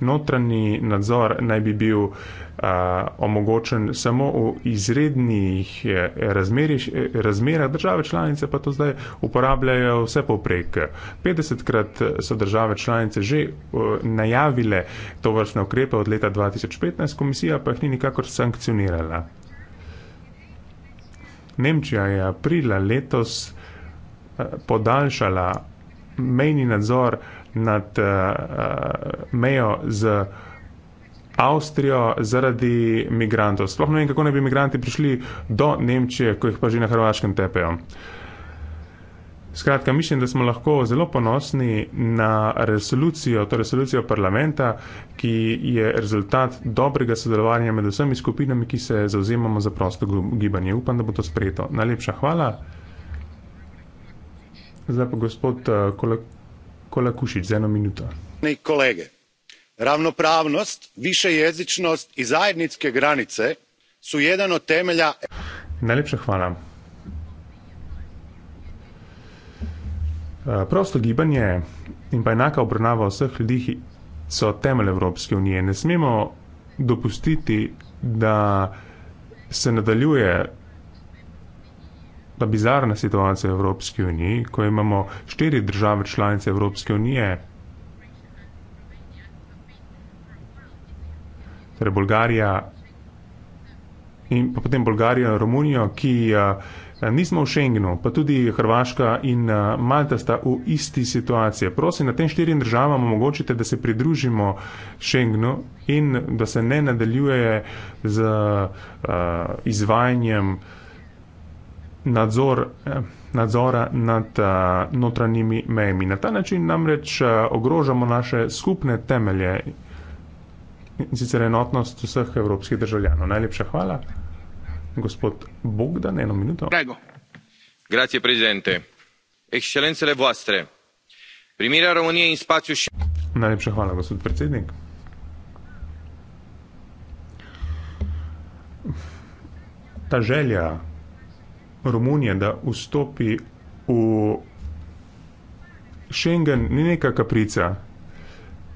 Notranji nadzor naj bi bil a, uh, omogočen samo v izrednih eh, eh, razmerah, države članice pa to zdaj uporabljajo vse poprek. 50krat so države članice že a, eh, najavile to vrstne ukrepe od leta 2015, komisija pa jih ni nikakor sankcionirala. Nemčija je aprila letos a, podaljšala mejni nadzor. A, nad uh, uh, mejo z Avstrijo zaradi migrantov. Sploh ne vem, kako ne bi migranti prišli do Nemčije, ko jih pa že na Hrvaškem tepejo. Skratka, mislim, da smo lahko zelo ponosni na resolucijo, to resolucijo parlamenta, ki je rezultat dobrega sodelovanja med vsemi skupinami, ki se zauzemamo za prosto gibanje. Upam, da bo to sprejeto. Najlepša hvala. Zdaj pa gospod eh, kolakušić za eno minuto kolege ravnopravnost viejezinost i zajednike granice su jedan od temelja e- najlepša hvala eh, prosto gibanje in pa enaka obravnava vseh ljudi so temelj evropske unije ne smemo dopustiti da se nadaljuje ta bizarna situacija v Evropski uniji, ko imamo štiri države članice Evropske unije, torej Bolgarija in pa potem Bolgarijo in Romunijo, ki nismo v Schengenu, pa tudi Hrvaška in Malta sta v isti situaciji. Prosim, na tem štirim državam omogočite, da se pridružimo Schengenu in da se ne nadaljuje z uh, izvajanjem uh, nadzor, eh, nadzora nad eh, notranjimi mejami. Na ta način namreč eh, ogrožamo naše skupne temelje in sicer enotnost vseh evropskih državljanov. Najlepša hvala, gospod Bogdan, eno minuto. Prego. Grazie, prezidente. Excelence le vostre. Primera Romunije in spacju še. Najlepša hvala, gospod predsednik. Ta želja Romunije, da vstopi v Schengen, ni neka kaprica.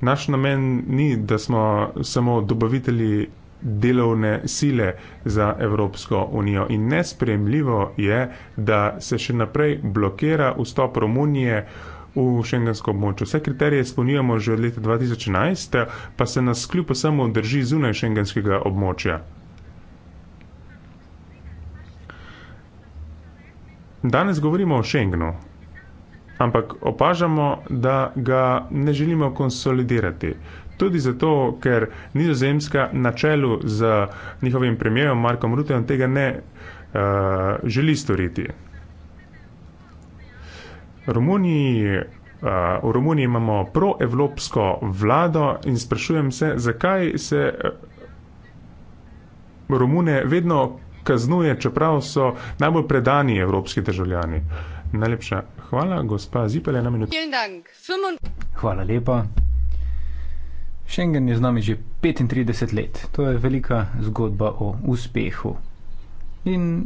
Naš namen ni, da smo samo dobavitelji delovne sile za Evropsko unijo in nespremljivo je, da se še naprej blokira vstop Romunije v šengensko območje. Vse kriterije spolnjujemo že od leta 2011, pa se nas kljub vsemu drži zunaj šengenskega območja. Danes govorimo o Schengenu, ampak opažamo, da ga ne želimo konsolidirati. Tudi zato, ker nizozemska na čelu z njihovim premijerom Markom Rutejem tega ne uh, želi storiti. Romuniji, uh, v Romuniji imamo proevropsko vlado in sprašujem se, zakaj se eh, Romune vedno kaznuje, čeprav so najbolj predani evropski državljani. Najlepša hvala, gospa Zipel, na minuto. Hvala lepa. Schengen je z nami že 35 let. To je velika zgodba o uspehu. In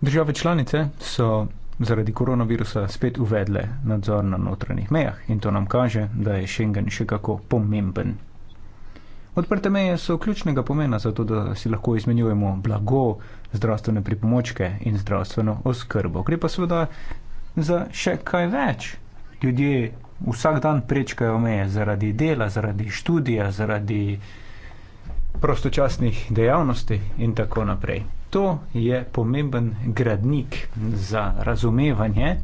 države članice so zaradi koronavirusa spet uvedle nadzor na notranjih mejah in to nam kaže, da je Schengen še kako pomemben Odprte meje so ključnega pomena za to, da si lahko izmenjujemo blago, zdravstvene pripomočke in zdravstveno oskrbo. Gre pa seveda za še kaj več. Ljudje vsak dan prečkajo meje zaradi dela, zaradi študija, zaradi prostočasnih dejavnosti in tako naprej. To je pomemben gradnik za razumevanje,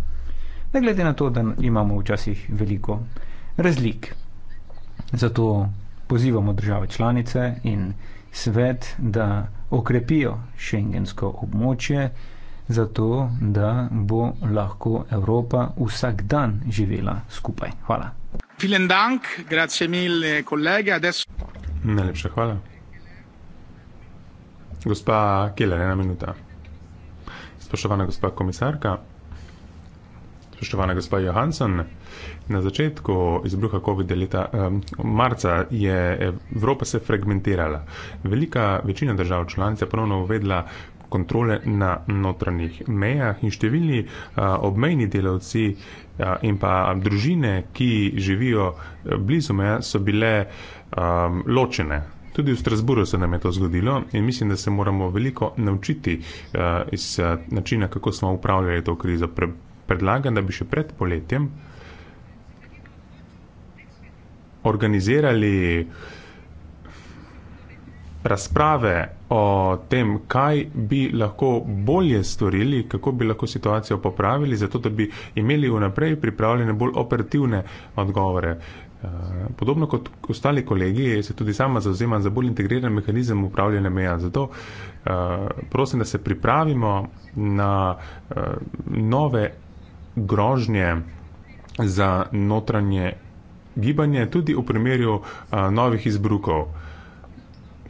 ne glede na to, da imamo včasih veliko razlik. Zato pozivamo države članice in svet, da okrepijo šengensko območje, zato da bo lahko Evropa vsak dan živela skupaj. Hvala. Dank, mille, kolega, adesso... Najlepša hvala. Gospa Keller, ena minuta. Spoštovana gospa komisarka, spoštovana gospa Johansson, Na začetku izbruha COVID-19 um, je Evropa se fragmentirala. Velika večina držav članic je ponovno uvedla kontrole na notranjih mejah in številni a, obmejni delavci a, in pa družine, ki živijo e, blizu meja, so bile a, ločene. Tudi v Strasburu se nam je to zgodilo in mislim, da se moramo veliko naučiti a, iz a, načina, kako smo upravljali to krizo. Predlagam, da bi še pred poletjem organizirali razprave o tem, kaj bi lahko bolje storili, kako bi lahko situacijo popravili, zato da bi imeli vnaprej pripravljene bolj operativne odgovore. Eh, podobno kot ostali kolegi, se tudi sama zauzemam za bolj integriran mehanizem upravljanja meja. Zato eh, prosim, da se pripravimo na eh, nove grožnje za notranje gibanje, tudi v primerju a, novih izbrukov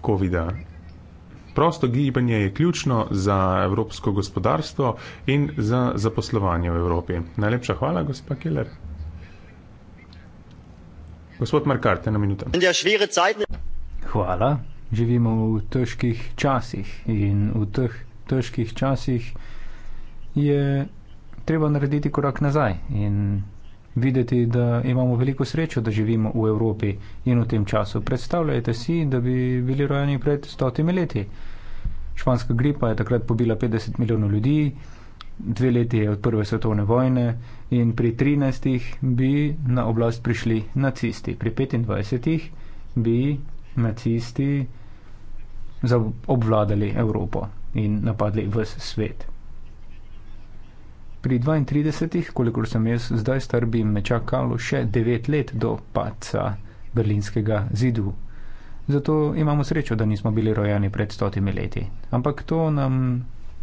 COVID-19. Prosto gibanje je ključno za evropsko gospodarstvo in za zaposlovanje v Evropi. Najlepša hvala, gospa Keller. Gospod Markart, ena minuta. Ja, hvala. Živimo v težkih časih in v teh težkih časih je treba narediti korak nazaj in videti, da imamo veliko srečo, da živimo v Evropi in v tem času. Predstavljajte si, da bi bili rojeni pred stotimi leti. Španska gripa je takrat pobila 50 milijonov ljudi, dve leti je od prve svetovne vojne in pri 13 bi na oblast prišli nacisti. Pri 25 bi nacisti obvladali Evropo in napadli vse svet. Pri 32-ih, kolikor sem jaz zdaj star, bi me čakalo še 9 let do paca berlinskega zidu. Zato imamo srečo, da nismo bili rojeni pred stotimi leti. Ampak to nam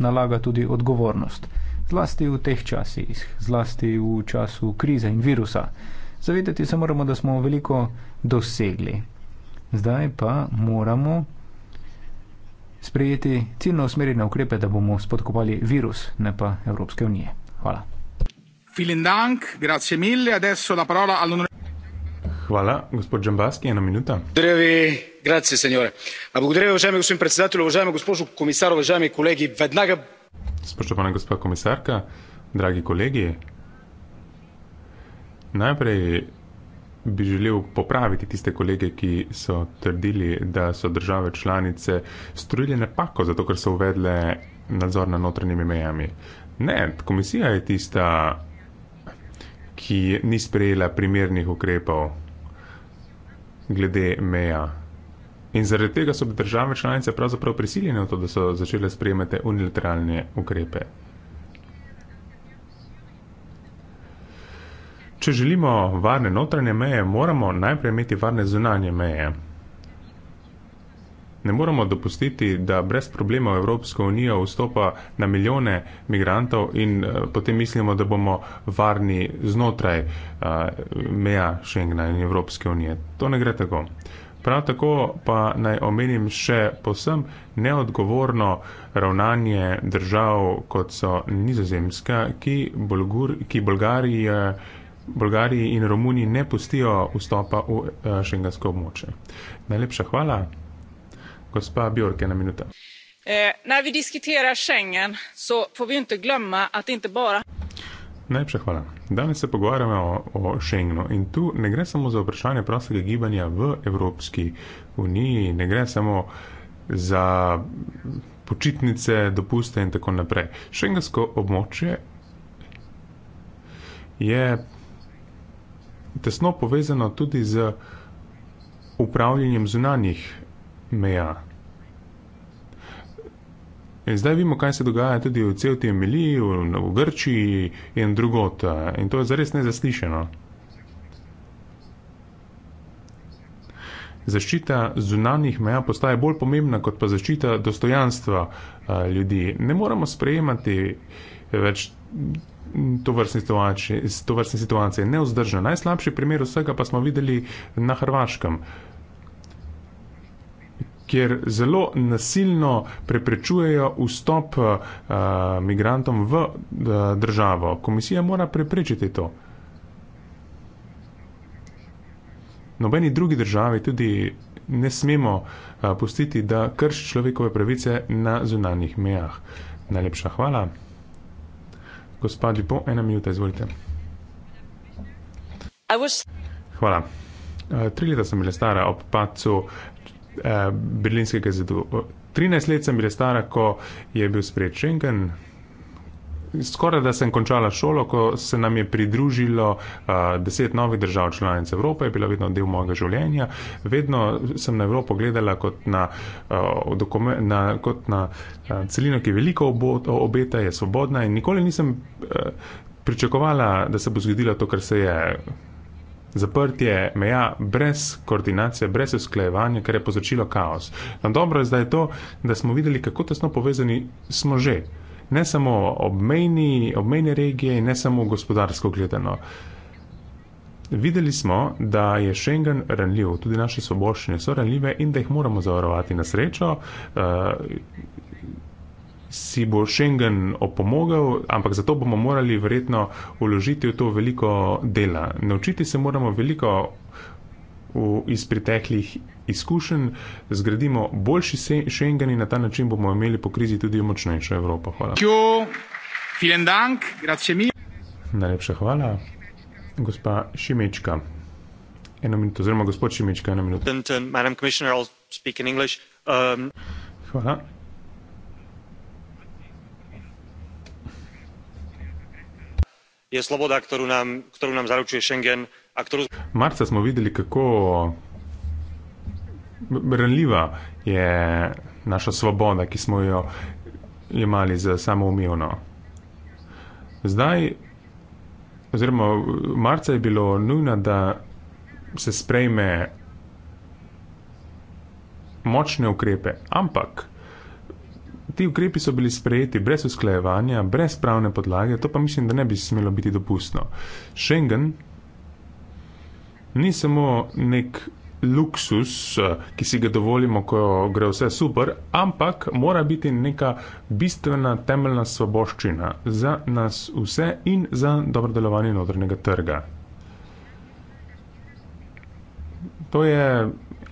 nalaga tudi odgovornost. Zlasti v teh časih, zlasti v času krize in virusa. Zavedati se moramo, da smo veliko dosegli. Zdaj pa moramo sprejeti ciljno usmerjene ukrepe, da bomo spodkopali virus, ne pa Evropske unije. Hvala. Dank, grazie mille. Adesso la parola all'onorevole. Hvala, gospod Džambaski, ena minuta. Drevi, grazie, signore. A bogodrevi, vežajme, gospod predsedatelj, vežajme, gospod komisar, vežajme, kolegi, vednaga. Spoštovana gospa komisarka, dragi kolegi, najprej bi želel popraviti tiste kolege, ki so trdili, da so države članice storili napako, zato ker so uvedle nadzor na notranjimi mejami. Ne, komisija je tista, ki ni sprejela primernih ukrepov glede meja. In zaradi tega so države članice pravzaprav prisiljene v to, da so začele sprejemati unilateralne ukrepe. Če želimo varne notranje meje, moramo najprej imeti varne zunanje meje ne moremo dopustiti, da brez problema v Evropsko unijo vstopa na milijone migrantov in eh, potem mislimo, da bomo varni znotraj eh, meja Schengna in Evropske unije. To ne gre tako. Prav tako pa naj omenim še posem neodgovorno ravnanje držav, kot so Nizozemska, ki, Bolgur, ki Bolgarije, eh, Bolgariji in Romuniji ne pustijo vstopa v šengensko območje. Najlepša hvala. Gospa Björk, ena minuta. Eh, när vi diskuterar Schengen så får vi inte glömma att inte bara... Najlepša hvala. Danes se pogovarjamo o, o Schengenu in tu ne gre samo za vprašanje prostega gibanja v Evropski uniji, ne gre samo za počitnice, dopuste in tako naprej. Schengensko območje je tesno povezano tudi z upravljanjem zunanjih meja. In zdaj vidimo, kaj se dogaja tudi v celoti Emiliji, v, v Grčiji in drugot. In to je zares nezaslišeno. Zaščita zunanjih meja postaje bolj pomembna kot pa zaščita dostojanstva uh, ljudi. Ne moramo sprejemati več to vrstne situacije, neozdržno. Najslabši primer vsega pa smo videli na Hrvaškem. Uh, kjer zelo nasilno preprečujejo vstop uh, migrantom v uh, državo. Komisija mora preprečiti to. Nobeni drugi državi tudi ne smemo uh, pustiti, da krši človekove pravice na zunanjih mejah. Najlepša hvala. Gospod Lipo, ena minuta, izvolite. Hvala. Tri leta sem bila stara ob pacu eh, berlinskega zidu. 13 let sem bila stara, ko je bil sprejet Schengen. Skoraj da sem končala šolo, ko se nam je pridružilo uh, deset novih držav članic Evrope, je bila vedno del mojega življenja. Vedno sem na Evropo gledala kot na, uh, dokume, na, kot na uh, celino, ki je veliko obeta, je svobodna in nikoli nisem uh, pričakovala, da se bo zgodilo to, kar se je zaprtje meja brez koordinacije, brez usklajevanja, kar je povzročilo kaos. No, dobro je zdaj to, da smo videli, kako tesno povezani smo že. Ne samo obmejni, obmejne regije in ne samo gospodarsko gledano. Videli smo, da je Schengen ranljiv, tudi naše soboščine so ranljive in da jih moramo zavarovati na srečo. Eh, si bo Schengen opomogel, ampak zato bomo morali verjetno uložiti v to veliko dela. Naučiti se moramo veliko v, iz preteklih izkušenj, zgradimo boljši Schengen in na ta način bomo imeli po krizi tudi močnejšo Evropo. Hvala. Najlepša hvala, gospa Šimečka. Eno minuto, oziroma gospod Šimečka, eno minuto. Um, hvala. je sloboda, ktorú nám, ktorú nám zaručuje Schengen. A ktorú... Marca sme videli, ako brnlivá je naša svoboda, ki smo jo imali za samoumevno. Zdaj, oziroma marca je bilo nujno, da se sprejme močne ukrepe, ampak ti ukrepi so bili sprejeti brez usklajevanja, brez pravne podlage, to pa mislim, da ne bi smelo biti dopustno. Schengen ni samo nek luksus, eh, ki si ga dovolimo, ko gre vse super, ampak mora biti neka bistvena temeljna svoboščina za nas vse in za dobro delovanje notrnega trga. To je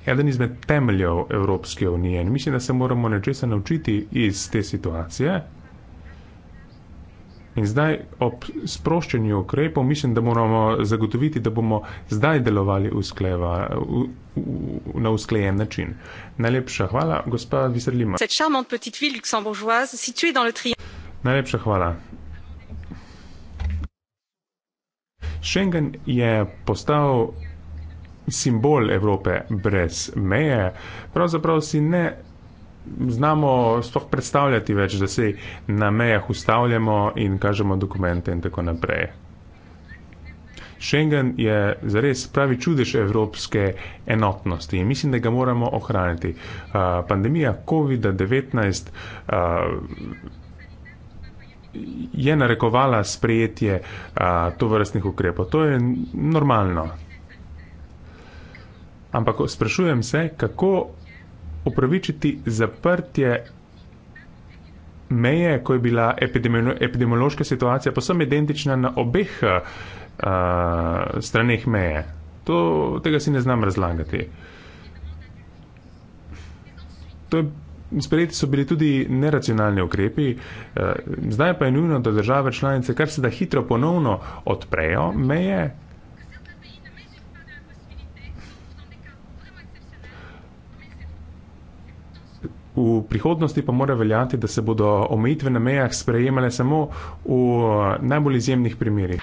eden izmed temeljev Evropske unije. In mislim, da se moramo nečesa naučiti iz te situacije. In zdaj, ob sproščanju ukrepov, mislim, da moramo zagotoviti, da bomo zdaj delovali uskleva, u, u, u, na usklejen način. Najlepša hvala, gospa Viserlima. Najlepša hvala. Schengen je postal simbol Evrope brez meje, pravzaprav si ne znamo sploh predstavljati več, da se na mejah ustavljamo in kažemo dokumente in tako naprej. Schengen je zares pravi čudež evropske enotnosti in mislim, da ga moramo ohraniti. Uh, pandemija COVID-19 uh, je narekovala sprejetje uh, tovrstnih ukrepov. To je normalno. Ampak sprašujem se, kako upravičiti zaprtje meje, ko je bila epidemiolo epidemiološka situacija posebno identična na obeh uh, straneh meje. To, tega si ne znam razlagati. Sprejeti so bili tudi neracionalni ukrepi, eh, zdaj pa je nujno, da države članice kar se da hitro ponovno odprejo meje, V prihodnosti pa mora veljati, da se bodo omejitve na mejah sprejemale samo v eh, najbolj izjemnih primerih.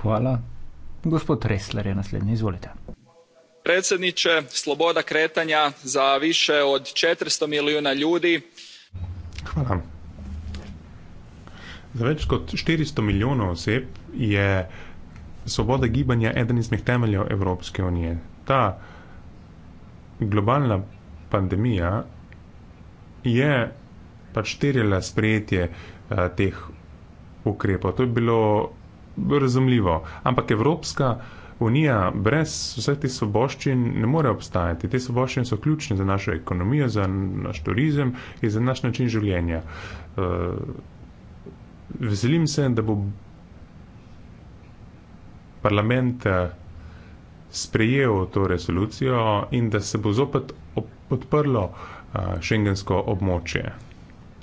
Hvala. Gospod Resler je naslednji, izvolite. Predsedniče, sloboda kretanja za više od 400 milijuna ljudi. Hvala. Za več kot 400 milijonov oseb je svoboda gibanja eden izmed temeljev Evropske unije. Ta globalna pandemija je pač terjela sprejetje a, eh, teh ukrepov. To je bilo razumljivo. Ampak Evropska unija brez vseh teh soboščin ne more obstajati. Te soboščine so ključne za našo ekonomijo, za naš turizem in za naš način življenja. A, eh, veselim se, da bo parlament. A, eh, sprejel to resolucijo in da se bo zopet odprlo uh, šengensko območje.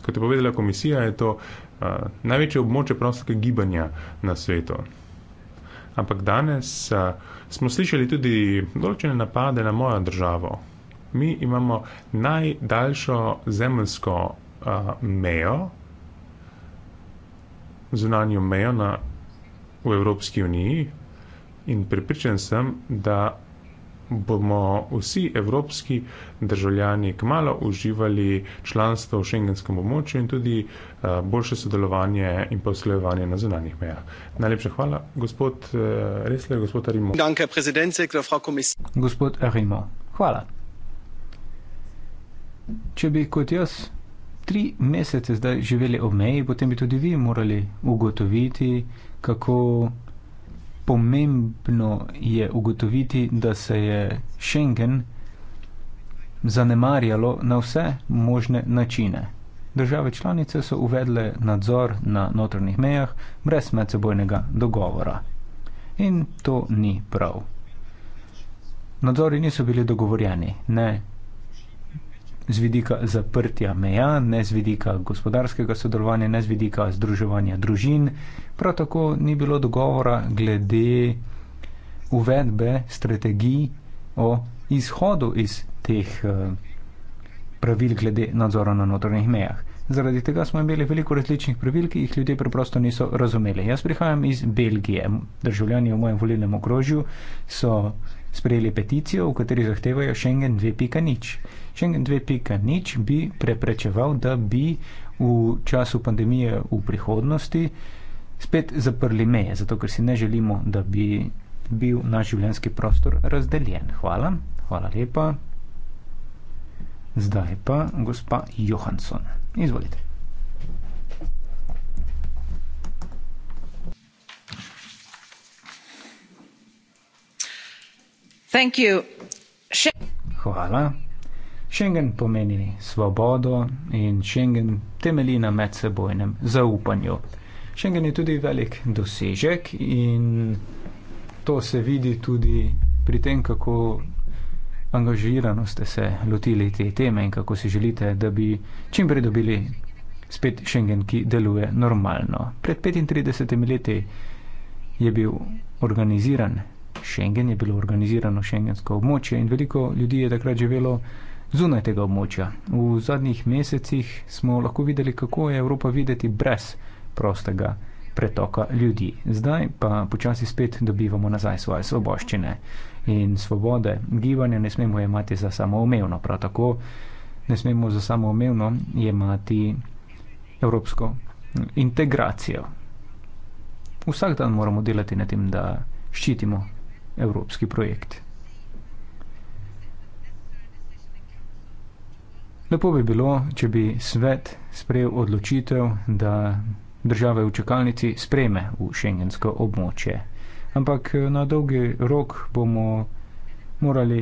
Kot je povedala komisija, je to uh, največje območje prostega gibanja na svetu. Ampak danes uh, smo slišali tudi določene napade na mojo državo. Mi imamo najdaljšo zemljsko mejo, zunanjo mejo na, v Evropski uniji, in pripričan sem, da bomo vsi evropski državljani kmalo uživali članstvo v šengenskem območju in tudi eh, boljše sodelovanje in pa usklajevanje na zunanjih mejah. Najlepša hvala, gospod eh, Resler, gospod Arimo. Gospod Arimo, hvala. Če bi kot jaz tri mesece zdaj živeli ob meji, potem bi tudi vi morali ugotoviti, kako pomembno je ugotoviti, da se je Schengen zanemarjalo na vse možne načine. Države članice so uvedle nadzor na notranjih mejah brez medsebojnega dogovora. In to ni prav. Nadzori niso bili dogovorjeni, ne z vidika zaprtja meja, ne z vidika gospodarskega sodelovanja, ne z vidika združevanja družin. Prav tako ni bilo dogovora glede uvedbe strategij o izhodu iz teh eh, pravil glede nadzora na notranjih mejah. Zaradi tega smo imeli veliko različnih pravil, ki jih ljudje preprosto niso razumeli. Jaz prihajam iz Belgije. Državljani v mojem volilnem okrožju so sprejeli peticijo, v kateri zahtevajo Schengen 2.0. Schengen 2.0 bi preprečeval, da bi v času pandemije v prihodnosti spet zaprli meje, zato ker si ne želimo, da bi bil naš življenski prostor razdeljen. Hvala, hvala lepa. Zdaj pa gospa Johansson. Izvolite. Hvala. Schengen pomeni svobodo in Schengen temelji na medsebojnem zaupanju. Schengen je tudi velik dosežek in to se vidi tudi pri tem, kako angažirano ste se lotili te teme in kako si želite, da bi čim prej dobili spet Schengen, ki deluje normalno. Pred 35 leti je bil organiziran Schengen je bilo organizirano šengensko območje in veliko ljudi je takrat živelo zunaj tega območja. V zadnjih mesecih smo lahko videli, kako je Evropa videti brez prostega pretoka ljudi. Zdaj pa počasi spet dobivamo nazaj svoje svoboščine in svobode gibanja ne smemo jemati za samoumevno. Prav tako ne smemo za samoumevno jemati evropsko hm, integracijo. Vsak dan moramo delati na tem, da ščitimo evropski projekt. Lepo bi bilo, če bi svet sprejel odločitev, da države v čakalnici sprejme v šengensko območje. Ampak eh, na dolgi rok bomo morali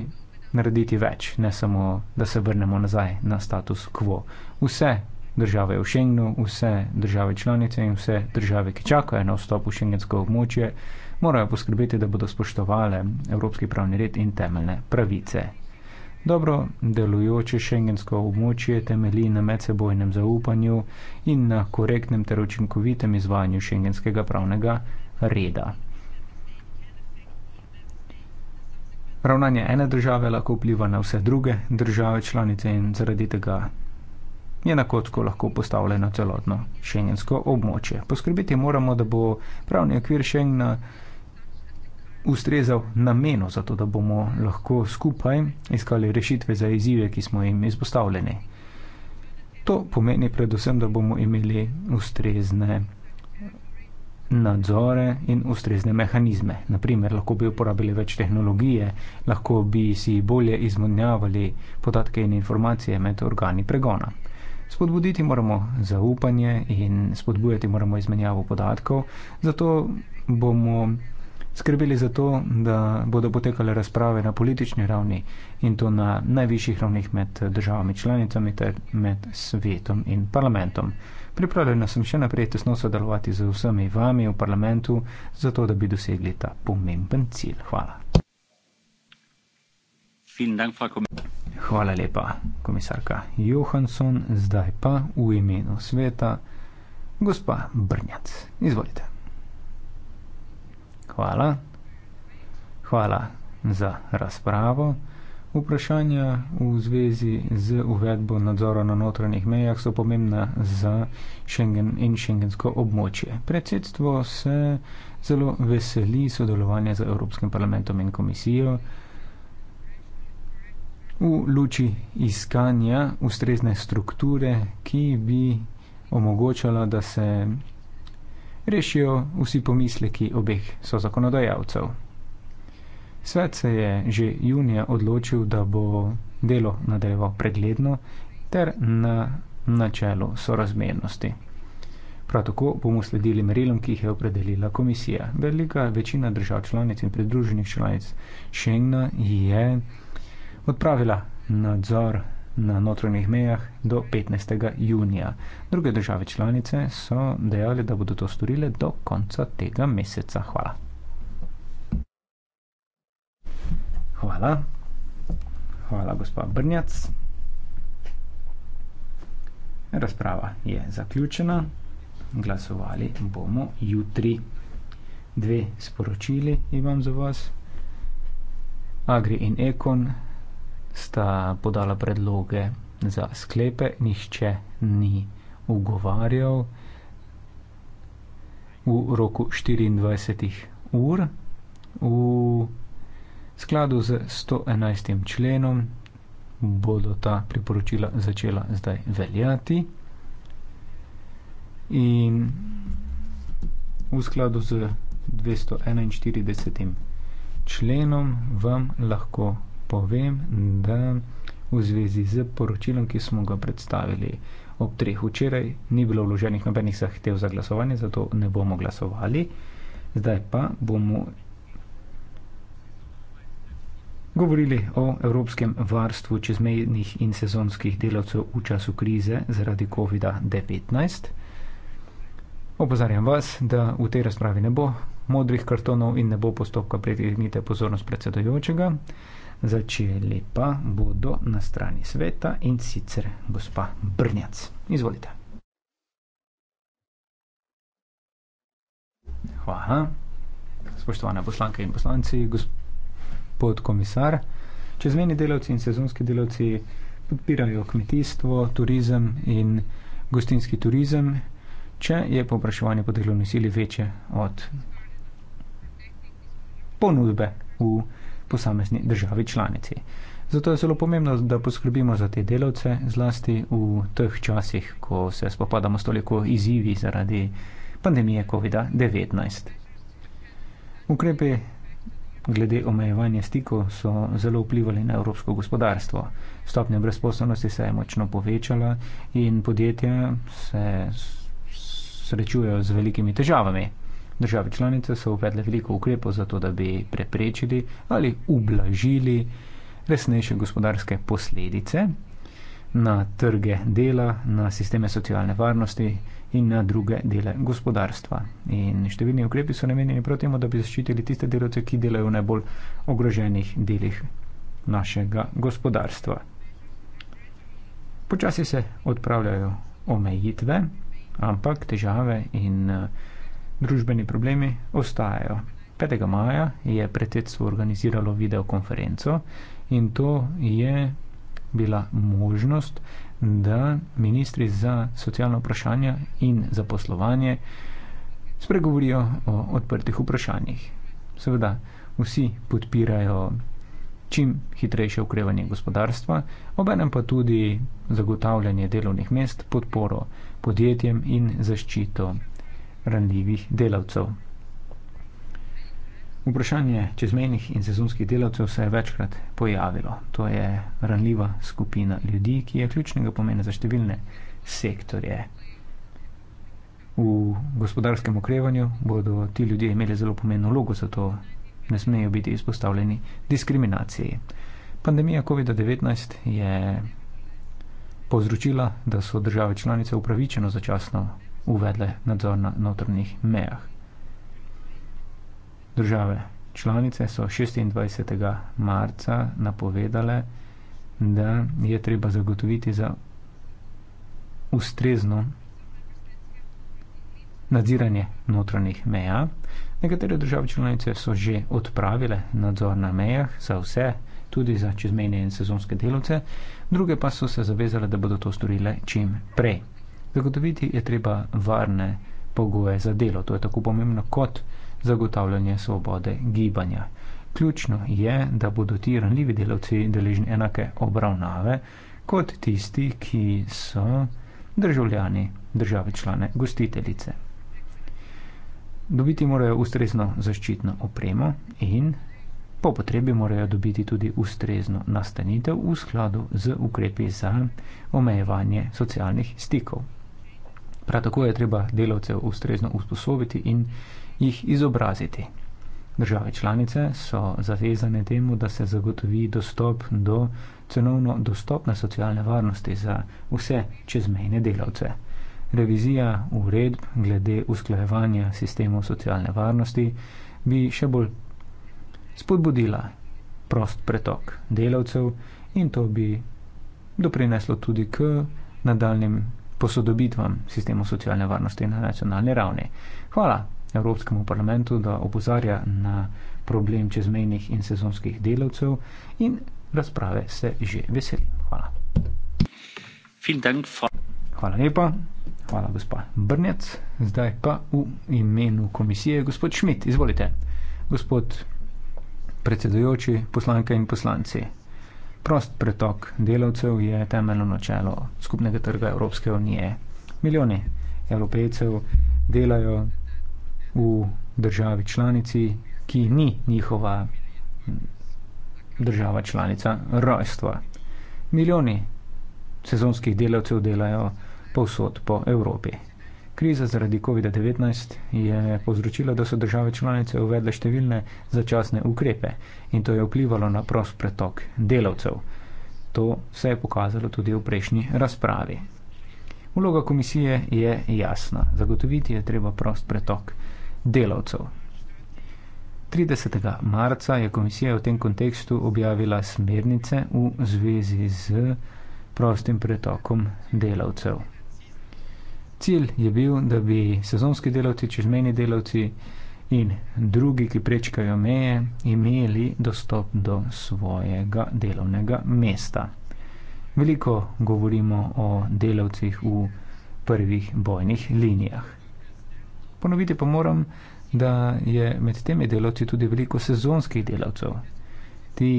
narediti več, ne samo, da se vrnemo nazaj na status quo. Vse države v Šengnu, vse države članice in vse države, ki čakajo na vstop v šengensko območje, morajo poskrbeti, da bodo spoštovale evropski pravni red in temeljne pravice. Dobro delujoče šengensko območje temelji na medsebojnem zaupanju in na korektnem ter učinkovitem izvajanju šengenskega pravnega reda. Ravnanje ene države lahko vpliva na vse druge države članice in zaradi tega je na kocko lahko postavljeno celotno šengensko območje. Poskrbiti moramo, da bo pravni okvir šengna ustrezal namenu, zato da bomo lahko skupaj iskali rešitve za izzive, ki smo jim izpostavljeni. To pomeni predvsem, da bomo imeli ustrezne nadzore in ustrezne mehanizme. Naprimer, lahko bi uporabili več tehnologije, lahko bi si bolje izmenjavali podatke in informacije med organi pregona. Spodbuditi moramo zaupanje in spodbujati moramo izmenjavo podatkov, zato bomo skrbeli za to, da bodo potekale razprave na politični ravni in to na najvišjih ravnih med državami članicami ter med svetom in parlamentom. Pripravljena sem še naprej tesno sodelovati z vsemi vami v parlamentu, zato da bi dosegli ta pomemben cilj. Hvala. Hvala lepa, komisarka Johansson. Zdaj pa v imenu sveta gospa Brnjac. Izvolite hvala. Hvala za razpravo. Vprašanja v zvezi z uvedbo nadzora na notranjih mejah so pomembna za Schengen in šengensko območje. Predsedstvo se zelo veseli sodelovanja z Evropskim parlamentom in komisijo v luči iskanja ustrezne strukture, ki bi omogočala, da se rešijo vsi pomisleki obeh so zakonodajalcev. Svet se je že junija odločil, da bo delo nadaljeval pregledno ter na načelu sorazmernosti. Prav tako bomo sledili merilom, ki jih je opredelila komisija. Velika večina držav članic in pridruženih članic Schengna je odpravila nadzor na notranjih mejah do 15. junija. Druge države članice so dejali, da bodo to storile do konca tega meseca. Hvala. Hvala, Hvala gospa Brnjac. Razprava je zaključena. Glasovali bomo jutri. Dve sporočili imam za vas. Agri in Ekon sta podala predloge za sklepe, nihče ni ugovarjal v roku 24 ur. V skladu z 111. členom bodo ta priporočila začela zdaj veljati in v skladu z 241. členom vam lahko povem, da v zvezi z poročilom, ki smo ga predstavili ob treh včeraj, ni bilo vloženih nobenih zahtev za glasovanje, zato ne bomo glasovali. Zdaj pa bomo govorili o evropskem varstvu čezmejnih in sezonskih delavcev v času krize zaradi COVID-19. Opozarjam vas, da v tej razpravi ne bo modrih kartonov in ne bo postopka pretegnite pozornost predsedojočega začeli pa bodo na strani sveta in sicer gospa Brnjac. Izvolite. Hvala. Spoštovane poslanke in poslanci, gospod komisar, čezmeni delavci in sezonski delavci podpirajo kmetijstvo, turizem in gostinski turizem, če je povpraševanje po delovni sili večje od ponudbe v kmetijstvo posamezni državi članici. Zato je zelo pomembno, da poskrbimo za te delavce, zlasti v teh časih, ko se spopadamo s toliko izzivi zaradi pandemije COVID-19. Ukrepe glede omejevanja stikov so zelo vplivali na evropsko gospodarstvo. Stopnja brezposobnosti se je močno povečala in podjetja se srečujejo z velikimi težavami. Države članice so uvedle veliko ukrepov za to, da bi preprečili ali ublažili resnejše gospodarske posledice na trge dela, na sisteme socialne varnosti in na druge dele gospodarstva. In številni ukrepi so namenjeni prav temu, da bi zaščitili tiste delavce, ki delajo v najbolj ogroženih delih našega gospodarstva. Počasi se odpravljajo omejitve, ampak težave in uh, Družbeni problemi ostajajo. 5. maja je predsedstvo organiziralo videokonferenco in to je bila možnost, da ministri za socialno vprašanje in za poslovanje spregovorijo o odprtih vprašanjih. Seveda, vsi podpirajo čim hitrejše ukrevanje gospodarstva, obenem pa tudi zagotavljanje delovnih mest, podporo podjetjem in zaščito ranljivih delavcev. Vprašanje čezmejnih in sezonskih delavcev se je večkrat pojavilo. To je ranljiva skupina ljudi, ki je ključnega pomena za številne sektorje. V gospodarskem okrevanju bodo ti ljudje imeli zelo pomembno vlogo, zato ne smejo biti izpostavljeni diskriminaciji. Pandemija COVID-19 je povzročila, da so države članice upravičeno začasno uvedle nadzor na notrnih mejah. Države članice so 26. marca napovedale, da je treba zagotoviti za ustrezno nadziranje notranjih meja. Nekatere države članice so že odpravile nadzor na mejah za vse, tudi za čezmejne in sezonske delovce, druge pa so se zavezale, da bodo to storile čim prej. Zagotoviti je treba varne pogoje za delo, to je tako pomembno kot zagotavljanje svobode gibanja. Ključno je, da bodo ti ranljivi delavci deležni enake obravnave kot tisti, ki so državljani države člane gostiteljice. Dobiti morajo ustrezno zaščitno opremo in po potrebi morajo dobiti tudi ustrezno nastanitev v skladu z ukrepi za omejevanje socialnih stikov. Prav tako je treba delavce ustrezno usposobiti in jih izobraziti. Države članice so zavezane temu, da se zagotovi dostop do cenovno dostopne socialne varnosti za vse čezmejne delavce. Revizija uredb glede usklajevanja sistemov socialne varnosti bi še bolj spodbudila prost pretok delavcev in to bi doprineslo tudi k nadaljnjemu posodobitvam sistema socialne varnosti na nacionalni ravni. Hvala Evropskemu parlamentu, da opozarja na problem čezmejnih in sezonskih delavcev in razprave se že veselim. Hvala. Hvala lepa. Hvala, gospa Brnec. Zdaj pa v imenu komisije gospod Šmit. Izvolite. Gospod predsedujoči, poslanke in poslanci. Prost pretok delavcev je temeljno načelo skupnega trga Evropske unije. Milijoni evropejcev delajo v državi članici, ki ni njihova država članica rojstva. Milijoni sezonskih delavcev delajo povsod po Evropi. Kriza zaradi COVID-19 je povzročila, da so države članice uvedle številne začasne ukrepe in to je vplivalo na prost pretok delavcev. To se je pokazalo tudi v prejšnji razpravi. Uloga komisije je jasna. Zagotoviti je treba prost pretok delavcev. 30. marca je komisija v tem kontekstu objavila smernice v zvezi z prostim pretokom delavcev cilj je bil, da bi sezonski delavci, čezmejni delavci in drugi, ki prečkajo meje, imeli dostop do svojega delovnega mesta. Veliko govorimo o delavcih v prvih bojnih linijah. Ponoviti pa moram, da je med temi delavci tudi veliko sezonskih delavcev. Ti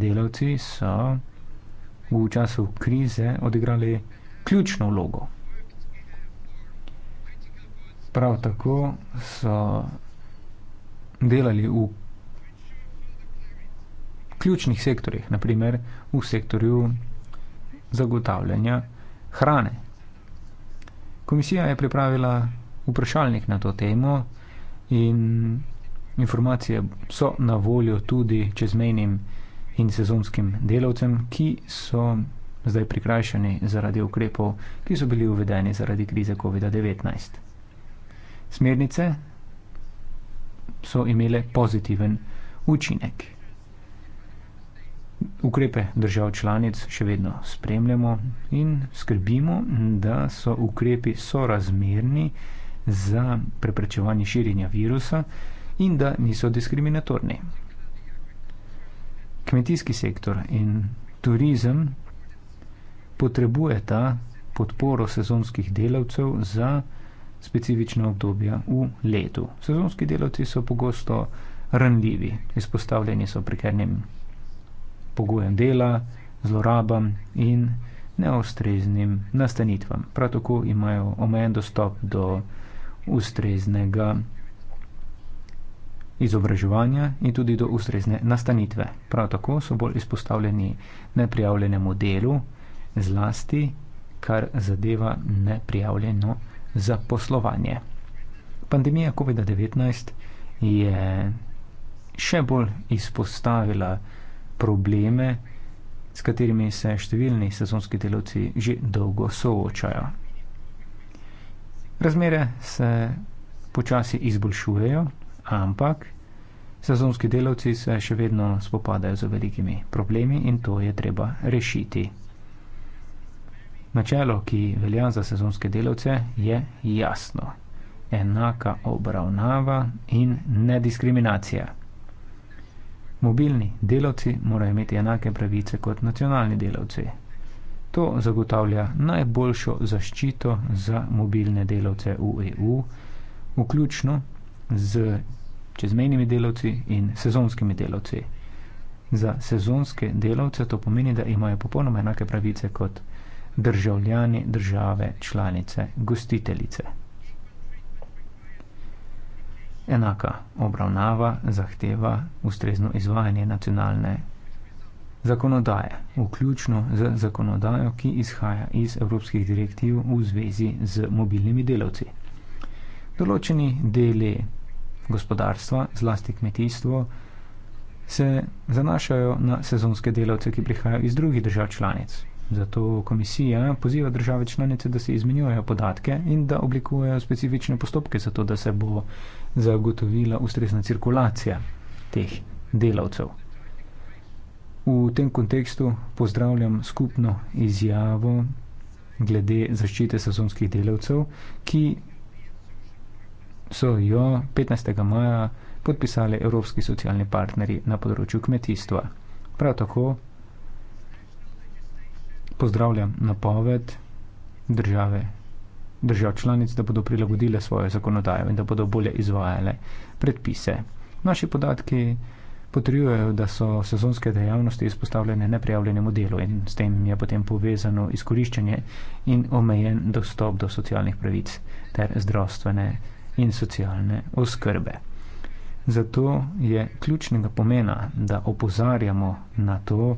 delavci so v času krize odigrali ključno vlogo. Prav tako so delali v ključnih sektorjih, naprimer v sektorju zagotavljanja hrane. Komisija je pripravila vprašalnik na to temo in informacije so na voljo tudi čezmejnim in sezonskim delavcem, ki so zdaj prikrajšani zaradi ukrepov, ki so bili uvedeni zaradi krize COVID-19 smernice so imele pozitiven učinek. Ukrepe držav članic še vedno spremljamo in skrbimo, da so ukrepi sorazmerni za preprečevanje širjenja virusa in da niso diskriminatorni. Kmetijski sektor in turizem potrebujeta podporo sezonskih delavcev za vsega, specifična obdobja v letu. Sezonski delavci so pogosto ranljivi, izpostavljeni so prekernim pogojem dela, zlorabam in neostreznim nastanitvam. Prav tako imajo omejen dostop do ustreznega izobraževanja in tudi do ustrezne nastanitve. Prav tako so bolj izpostavljeni neprijavljenemu delu, zlasti kar zadeva neprijavljeno za poslovanje. Pandemija COVID-19 je še bolj izpostavila probleme, s katerimi se številni sezonski delavci že dolgo soočajo. Razmere se počasi izboljšujejo, ampak sezonski delavci se še vedno spopadajo z velikimi problemi in to je treba rešiti. Načelo, ki velja za sezonske delavce, je jasno. Enaka obravnava in nediskriminacija. Mobilni delavci morajo imeti enake pravice kot nacionalni delavci. To zagotavlja najboljšo zaščito za mobilne delavce v EU, vključno z čezmejnimi delavci in sezonskimi delavci. Za sezonske delavce to pomeni, da imajo popolnoma enake pravice kot državljani države članice gostiteljice. Enaka obravnava zahteva ustrezno izvajanje nacionalne zakonodaje, vključno z zakonodajo, ki izhaja iz evropskih direktiv v zvezi z mobilnimi delavci. Določeni deli gospodarstva, zlasti kmetijstvo, se zanašajo na sezonske delavce, ki prihajajo iz drugih držav članic, Zato komisija poziva države članice, da se izmenjujejo podatke in da oblikujejo specifične postopke, zato da se bo zagotovila ustrezna cirkulacija teh delavcev. V tem kontekstu pozdravljam skupno izjavo glede zaščite sezonskih delavcev, ki so jo 15. maja podpisali evropski socialni partnerji na področju kmetijstva. Prav tako pozdravljam napoved države, držav članic, da bodo prilagodile svojo zakonodajo in da bodo bolje izvajale predpise. Naši podatki potrjujejo, da so sezonske dejavnosti izpostavljene neprijavljenemu delu in s tem je potem povezano izkoriščanje in omejen dostop do socialnih pravic ter zdravstvene in socialne oskrbe. Zato je ključnega pomena, da opozarjamo na to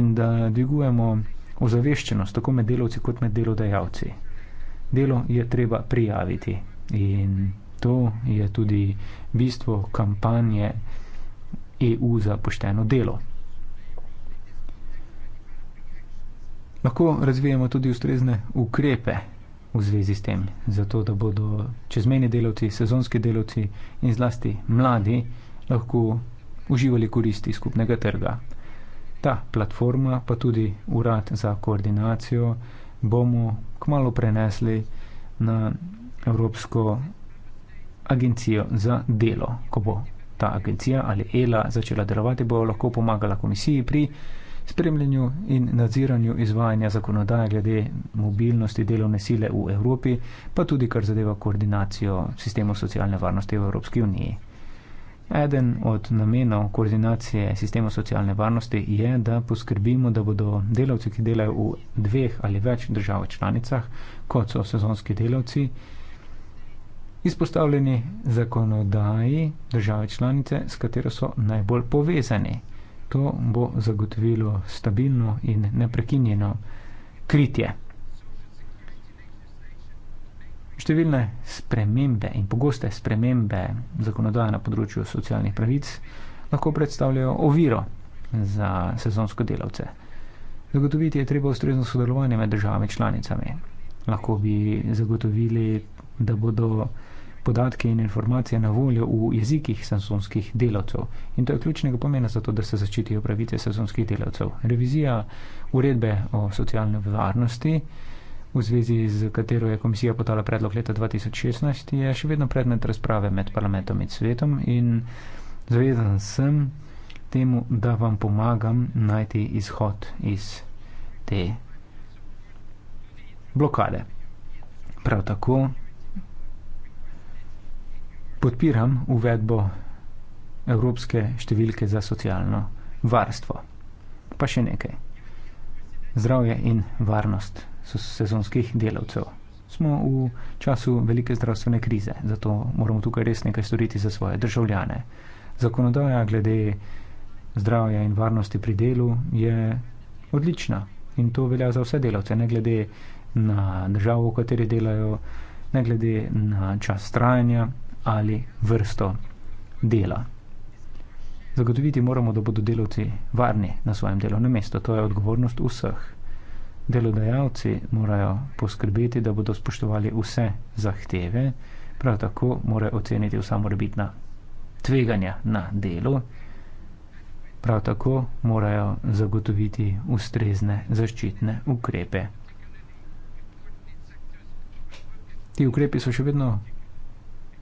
in da dvigujemo ozaveščenost, tako med delavci kot med delodajalci. Delo je treba prijaviti in to je tudi bistvo kampanje EU za pošteno delo. Lahko razvijemo tudi ustrezne ukrepe v zvezi s tem, zato da bodo čezmejni delavci, sezonski delavci in zlasti mladi lahko uživali koristi skupnega trga ta platforma, pa tudi urad za koordinacijo, bomo kmalo prenesli na Evropsko agencijo za delo. Ko bo ta agencija ali ELA začela delovati, bo lahko pomagala komisiji pri spremljanju in nadziranju izvajanja zakonodaje glede mobilnosti delovne sile v Evropi, pa tudi kar zadeva koordinacijo sistemov socialne varnosti v Evropski uniji. Eden od namenov koordinacije sistemov socialne varnosti je, da poskrbimo, da bodo delavci, ki delajo v dveh ali več državah članicah, kot so sezonski delavci, izpostavljeni zakonodaji države članice, s katero so najbolj povezani. To bo zagotovilo stabilno in neprekinjeno kritje. Številne spremembe in pogoste spremembe zakonodaje na področju socialnih pravic lahko predstavljajo oviro za sezonsko delavce. Zagotoviti je treba ustrezno sodelovanje med državami članicami. Lahko bi zagotovili, da bodo podatki in informacije na voljo v jezikih sezonskih delavcev. In to je ključnega pomena za to, da se začitijo pravice sezonskih delavcev. Revizija uredbe o socialni varnosti v zvezi z katero je komisija podala predlog leta 2016, je še vedno predmet razprave med parlamentom in svetom in zavezan sem temu, da vam pomagam najti izhod iz te blokade. Prav tako podpiram uvedbo Evropske številke za socialno varstvo. Pa še nekaj. Zdravje in varnost sezonskih delavcev. Smo v času velike zdravstvene krize, zato moramo tukaj res nekaj storiti za svoje državljane. Zakonodaja glede zdravja in varnosti pri delu je odlična in to velja za vse delavce, ne glede na državo, v kateri delajo, ne glede na čas trajanja ali vrsto dela. Zagotoviti moramo, da bodo delavci varni na svojem delovnem mestu. To je odgovornost vseh. Delodajalci morajo poskrbeti, da bodo spoštovali vse zahteve, prav tako morajo oceniti vsa morbitna tveganja na delu, prav tako morajo zagotoviti ustrezne zaščitne ukrepe. Ti ukrepi so še vedno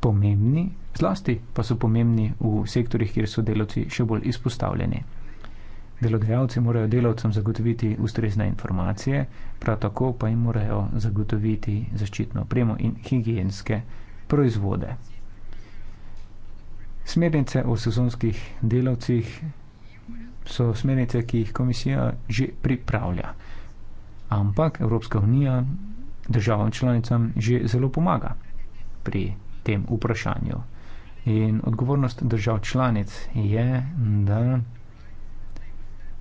pomembni, zlasti pa so pomembni v sektorjih, kjer so delavci še bolj izpostavljeni. Delodajalci morajo delavcem zagotoviti ustrezne informacije, prav tako pa jim morajo zagotoviti zaščitno opremo in higijenske proizvode. Smernice o sezonskih delavcih so smernice, ki jih komisija že pripravlja. Ampak Evropska unija državam članicam že zelo pomaga pri tem vprašanju. In odgovornost držav članic je, da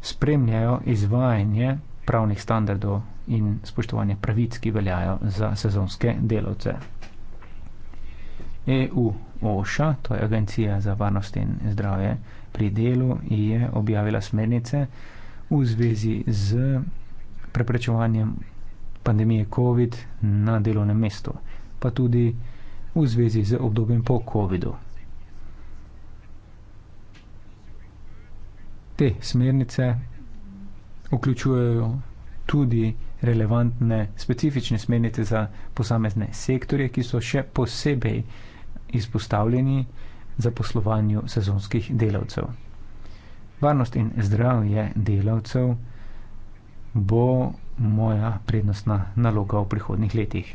spremljajo izvajanje pravnih standardov in spoštovanje pravic, ki veljajo za sezonske delavce. EU OŠA, to je Agencija za varnost in zdravje pri delu, je objavila smernice v zvezi z preprečevanjem pandemije COVID na delovnem mestu, pa tudi v zvezi z obdobjem po COVID-u. te smernice vključujejo tudi relevantne specifične smernice za posamezne sektorje, ki so še posebej izpostavljeni za poslovanju sezonskih delavcev. Varnost in zdravje delavcev bo moja prednostna naloga v prihodnih letih.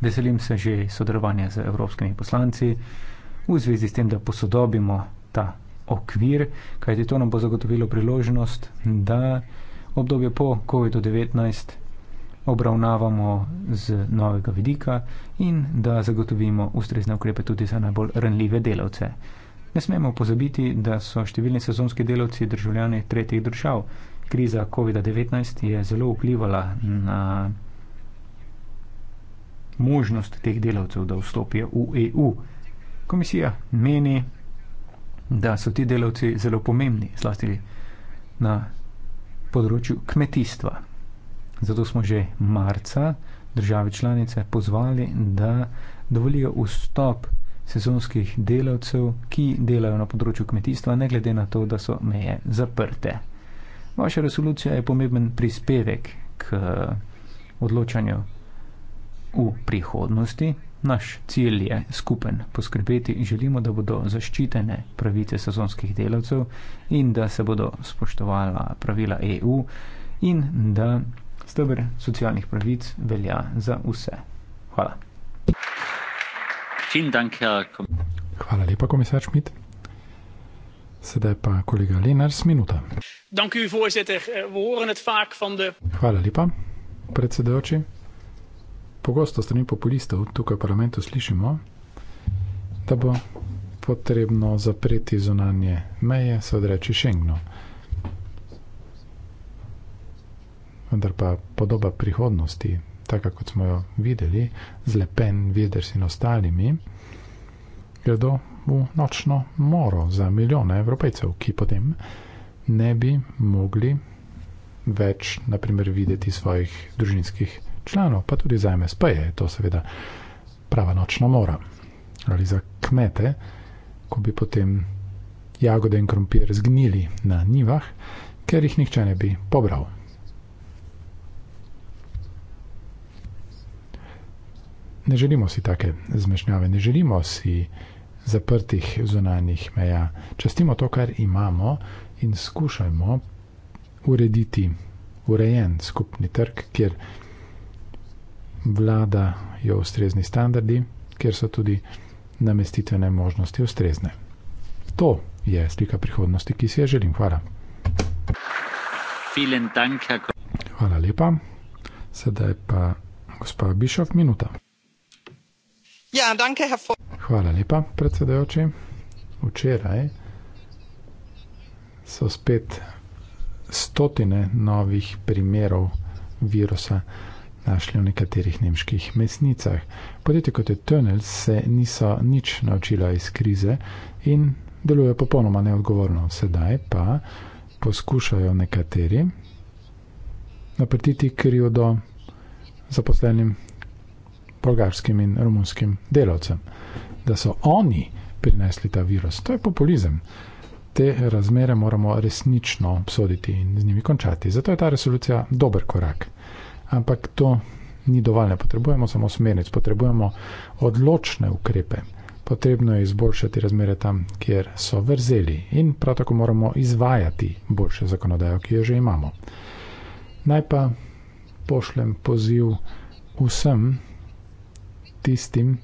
Veselim se že sodelovanja z evropskimi poslanci v zvezi s tem, da posodobimo ta okvir, kajti to nam bo zagotovilo priložnost, da obdobje po COVID-19 obravnavamo z novega vidika in da zagotovimo ustrezne ukrepe tudi za najbolj renljive delavce. Ne smemo pozabiti, da so številni sezonski delavci državljani tretjih držav. Kriza COVID-19 je zelo vplivala na možnost teh delavcev, da vstopijo v EU. Komisija meni, da so ti delavci zelo pomembni, zlasti na področju kmetijstva. Zato smo že marca države članice pozvali, da dovolijo vstop sezonskih delavcev, ki delajo na področju kmetijstva, ne glede na to, da so meje zaprte. Vaša resolucija je pomemben prispevek k odločanju v prihodnosti, Naš cilj je skupen poskrbeti in želimo, da bodo zaščitene pravice sezonskih delavcev in da se bodo spoštovala pravila EU in da stebr socialnih pravic velja za vse. Hvala. Hvala lepa, komisar Šmit. Sedaj pa kolega Lenars, minuta. Eh, Hvala lepa, predsedujoči pogosto strani populistov tukaj v parlamentu slišimo, da bo potrebno zapreti zunanje meje, se odreči Schengno. Vendar pa podoba prihodnosti, tako kot smo jo videli, z Lepen, Vidrs in ostalimi, gredo v nočno moro za milijone evropejcev, ki potem ne bi mogli več, naprimer, videti svojih družinskih članov, pa tudi za MSP-je je to seveda prava nočna mora. Ali za kmete, ko bi potem jagode in krompir zgnili na njivah, ker jih nihče ne bi pobral. Ne želimo si take zmešnjave, ne želimo si zaprtih zunanjih meja. Častimo to, kar imamo in skušajmo urediti urejen skupni trg, kjer vladajo ustrezni standardi, kjer so tudi namestitvene možnosti ustrezne. To je slika prihodnosti, ki si jo želim. Hvala. Hvala lepa. Sedaj pa gospa Bišov, minuta. Ja, Hvala lepa, predsedajoči. Včeraj so spet stotine novih primerov virusa našli v nekaterih nemških mesnicah. Podjetje kot je Tunnels se niso nič naučila iz krize in deluje popolnoma neodgovorno. Sedaj pa poskušajo nekateri naprtiti krivdo zaposlenim bolgarskim in romunskim delavcem, da so oni prinesli ta virus. To je populizem. Te razmere moramo resnično obsoditi in z njimi končati. Zato je ta resolucija dober korak ampak to ni dovolj, ne potrebujemo samo smernic, potrebujemo odločne ukrepe. Potrebno je izboljšati razmere tam, kjer so vrzeli in prav tako moramo izvajati boljše zakonodajo, ki jo že imamo. Naj pa pošljem poziv vsem tistim,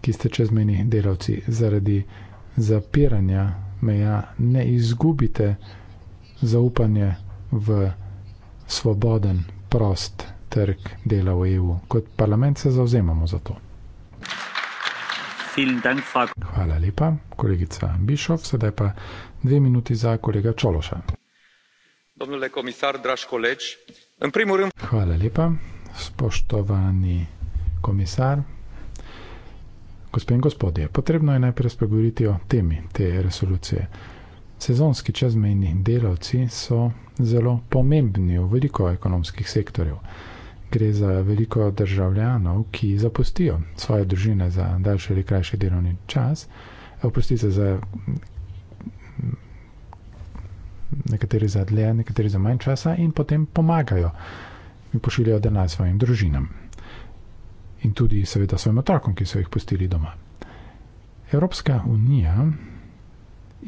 ki ste čezmeni delavci zaradi zapiranja meja, ne izgubite zaupanje v svoboden prost trg dela v EU. Kot parlament se zauzemamo za to. Hvala lepa, kolegica Bišov. Sedaj pa dve minuti za kolega Čološa. Hvala lepa, spoštovani komisar. Gospe in gospodje, potrebno je najprej spregovoriti o temi te resolucije. Sezonski čezmejni delavci so zelo pomembni v veliko ekonomskih sektorjev. Gre za veliko državljanov, ki zapustijo svoje družine za daljši ali krajši delovni čas. Oprostite za nekateri za dlje, nekateri za manj časa in potem pomagajo in pošiljajo denar svojim družinam. In tudi seveda svojim otrokom, ki so jih pustili doma. Evropska unija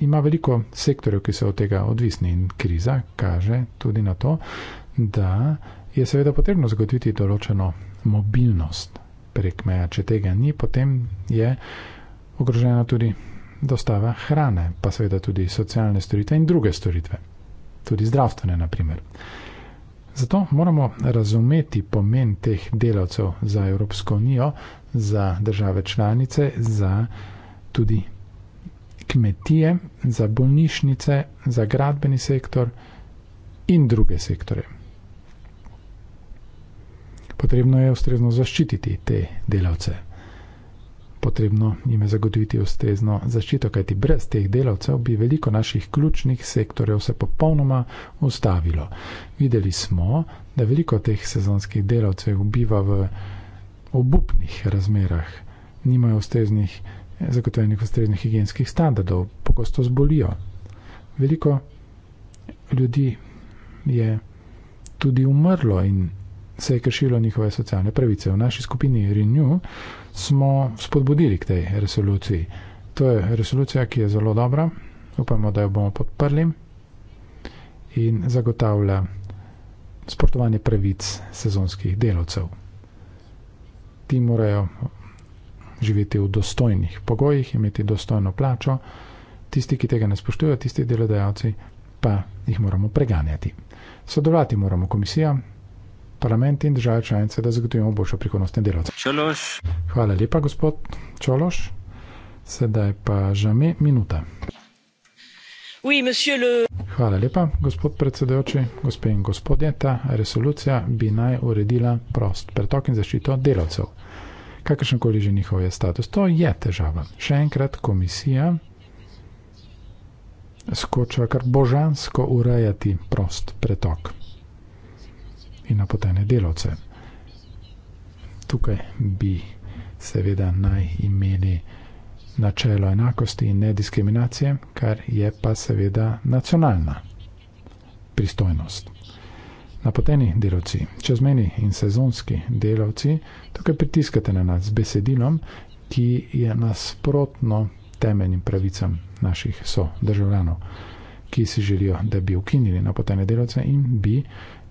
ima veliko sektorjev, ki so od tega odvisni in kriza kaže tudi na to, da je seveda potrebno zagotoviti določeno mobilnost prek meja. Če tega ni, potem je ogrožena tudi dostava hrane, pa seveda tudi socialne storitve in druge storitve, tudi zdravstvene naprimer. Zato moramo razumeti pomen teh delavcev za Evropsko unijo, za države članice, za tudi kmetije, za bolnišnice, za gradbeni sektor in druge sektore. Potrebno je ustrezno zaščititi te delavce. Potrebno jim je zagotoviti ustrezno zaščito, kajti brez teh delavcev bi veliko naših ključnih sektorjev se popolnoma ustavilo. Videli smo, da veliko teh sezonskih delavcev biva v obupnih razmerah, nimajo ustreznih delavcev, zagotovljenih ustreznih higijenskih standardov, pogosto zbolijo. Veliko ljudi je tudi umrlo in se je kršilo njihove socialne pravice. V naši skupini Renew smo spodbudili k tej resoluciji. To je resolucija, ki je zelo dobra, upamo, da jo bomo podprli in zagotavlja spoštovanje pravic sezonskih delavcev. Ti morajo živeti v dostojnih pogojih, imeti dostojno plačo. Tisti, ki tega ne spoštujejo, tisti delodajalci, pa jih moramo preganjati. Sodelovati moramo komisija, parlament in države članice, da zagotovimo boljšo prihodnost delovcev. Čološ. Hvala lepa, gospod Čološ. Sedaj pa žame minuta. Oui, le... Hvala lepa, gospod predsedojoči, gospe in gospodje. Ta resolucija bi naj uredila prost pretok in zaščito delavcev kakršen koli že njihov je status. To je težava. Še enkrat, komisija skoča kar božansko urejati prost pretok in napotene delovce. Tukaj bi seveda naj imeli načelo enakosti in nediskriminacije, kar je pa seveda nacionalna pristojnost. Napoteni delavci, čezmeni in sezonski delavci, tukaj pritiskate na nas z besedilom, ki je nasprotno temeljnim pravicam naših sodržavljanov, ki si želijo, da bi ukinili napotene delavce in bi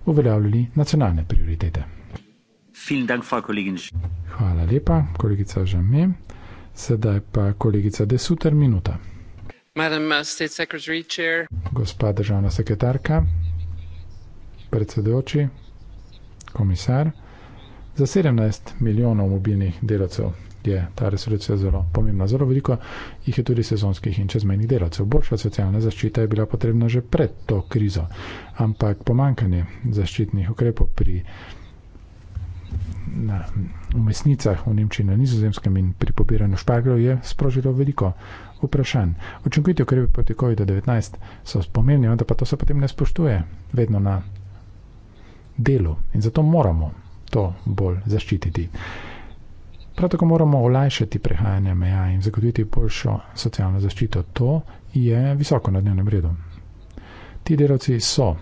uveljavljali nacionalne prioritete. Hvala lepa, kolegica Žame. Sedaj pa kolegica Desuter, minuta. Uh, Gospa državna sekretarka, predsedujoči, komisar. Za 17 milijonov mobilnih delavcev je ta resolucija zelo pomembna. Zelo veliko jih je tudi sezonskih in čezmejnih delavcev. Boljša socialna zaščita je bila potrebna že pred to krizo, ampak pomankanje zaščitnih ukrepov pri na umestnicah v Nemčiji, na nizozemskem in pri pobiranju špagljev je sprožilo veliko vprašanj. Učinkoviti ukrepi proti COVID-19 so spomembni, vendar pa to se potem ne spoštuje vedno na delu in zato moramo to bolj zaščititi. Prav tako moramo olajšati prehajanje meja in zagotoviti boljšo socialno zaščito. To je visoko na dnevnem redu. Ti delavci so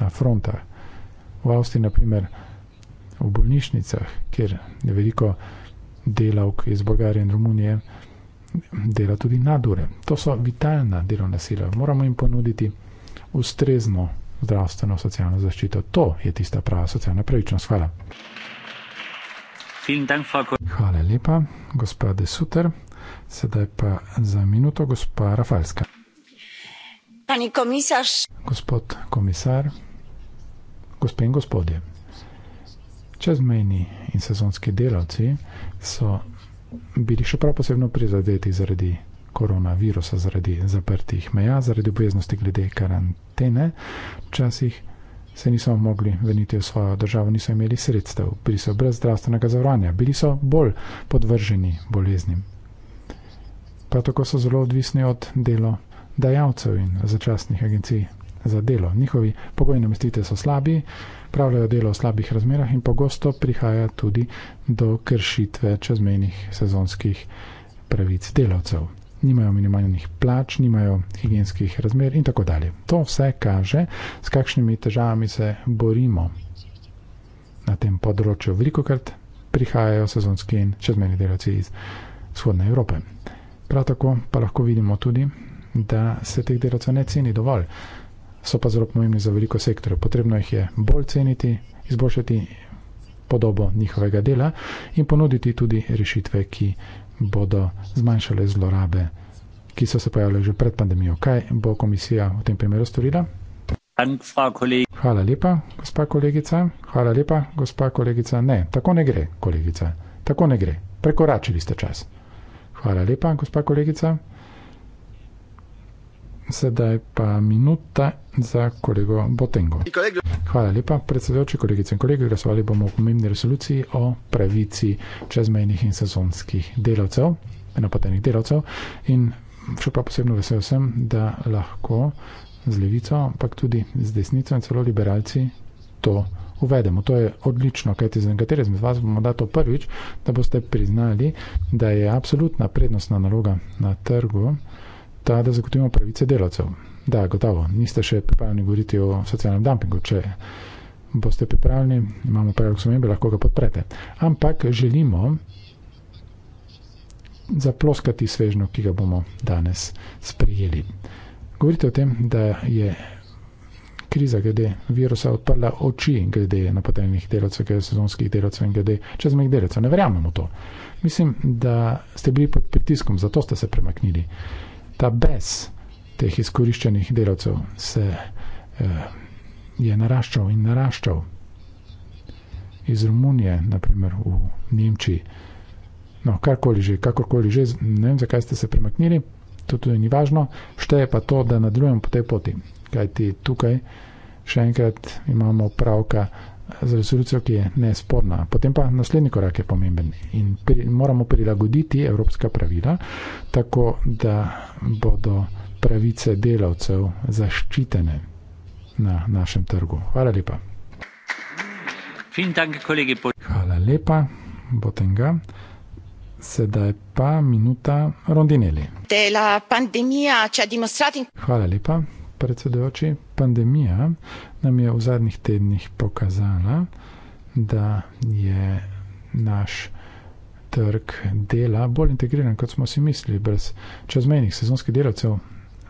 na frontah, v Avstriji, naprimer, v bolnišnicah, kjer je veliko delavk iz Bolgarije in Romunije, dela tudi nadure. To so vitalna delovna sila. Moramo jim ponuditi ustrezno zdravstveno socijalno zaščito. To je tista prava socijalna pravičnost. Hvala. Hvala lepa, gospa De Suter. Sedaj pa za minuto gospa Rafalska. Pani komisar. Gospod komisar, gospe in gospodje. Čezmejni in sezonski delavci so bili še prav posebno prizadeti zaradi koronavirusa zaradi zaprtih meja, zaradi obveznosti glede karantene, včasih se niso mogli vrniti v svojo državo, niso imeli sredstev, bili so brez zdravstvenega zavarovanja, bili so bolj podvrženi boleznim. Prav tako so zelo odvisni od delo dajalcev in začasnih agencij za delo. Njihovi pogoji namestitve so slabi, pravljajo delo v slabih razmerah in pogosto prihaja tudi do kršitve čezmejnih sezonskih pravic delavcev nimajo minimalnih plač, nimajo higijenskih razmer in tako dalje. To vse kaže, s kakšnimi težavami se borimo na tem področju. Veliko krat prihajajo sezonski in čezmeni delavci iz vzhodne Evrope. Prav tako pa lahko vidimo tudi, da se teh delavcev ne ceni dovolj. So pa zelo pomembni za veliko sektorjev. Potrebno jih je bolj ceniti, izboljšati podobo njihovega dela in ponuditi tudi rešitve, ki bodo zmanjšale zlorabe, ki so se pojavljale že pred pandemijo. Kaj bo komisija v tem primeru storila? Hvala lepa, gospa kolegica. Hvala lepa, gospa kolegica. Ne, tako ne gre, kolegica. Tako ne gre. Prekoračili ste čas. Hvala lepa, gospa kolegica. Sedaj pa minuta za kolego Botengo. Hvala lepa, predsedujoči kolegice in kolegi. Glasovali bomo o pomembni resoluciji o pravici čezmejnih in sezonskih delavcev, enopatenih delavcev. In še pa posebno vesel sem, da lahko z levico, ampak tudi z desnico in celo liberalci to uvedemo. To je odlično, kajti za nekatere izmed vas bomo dato prvič, da boste priznali, da je absolutna prednostna naloga na trgu ta, da zagotovimo pravice delavcev. Da, gotovo, niste še pripravljeni govoriti o socialnem dumpingu. Če boste pripravljeni, imamo predlog spremembe, lahko ga podprete. Ampak želimo zaploskati svežno, ki ga bomo danes sprejeli. Govorite o tem, da je kriza glede virusa odprla oči glede napotenih delavcev, glede sezonskih delavcev in glede čezmejnih delavcev. Ne verjamemo to. Mislim, da ste bili pod pritiskom, zato ste se premaknili ta bes teh izkoriščenih delavcev se eh, je naraščal in naraščal. Iz Romunije, naprimer v Nemčiji, no, karkoli že, kakorkoli že, ne vem, zakaj ste se premaknili, to tudi ni važno, šteje pa to, da nadaljujemo po tej poti. Kajti tukaj, še enkrat, imamo opravka z resolucijo, ki je nesporna. Potem pa naslednji korak je pomemben in pri, moramo prilagoditi evropska pravila tako, da bodo pravice delavcev zaščitene na našem trgu. Hvala lepa. Hvala lepa, Botenga. Sedaj pa minuta Rondinelli. Hvala lepa predsedujoči, pandemija nam je v zadnjih tednih pokazala, da je naš trg dela bolj integriran, kot smo si mislili. Brez čezmejnih sezonskih delavcev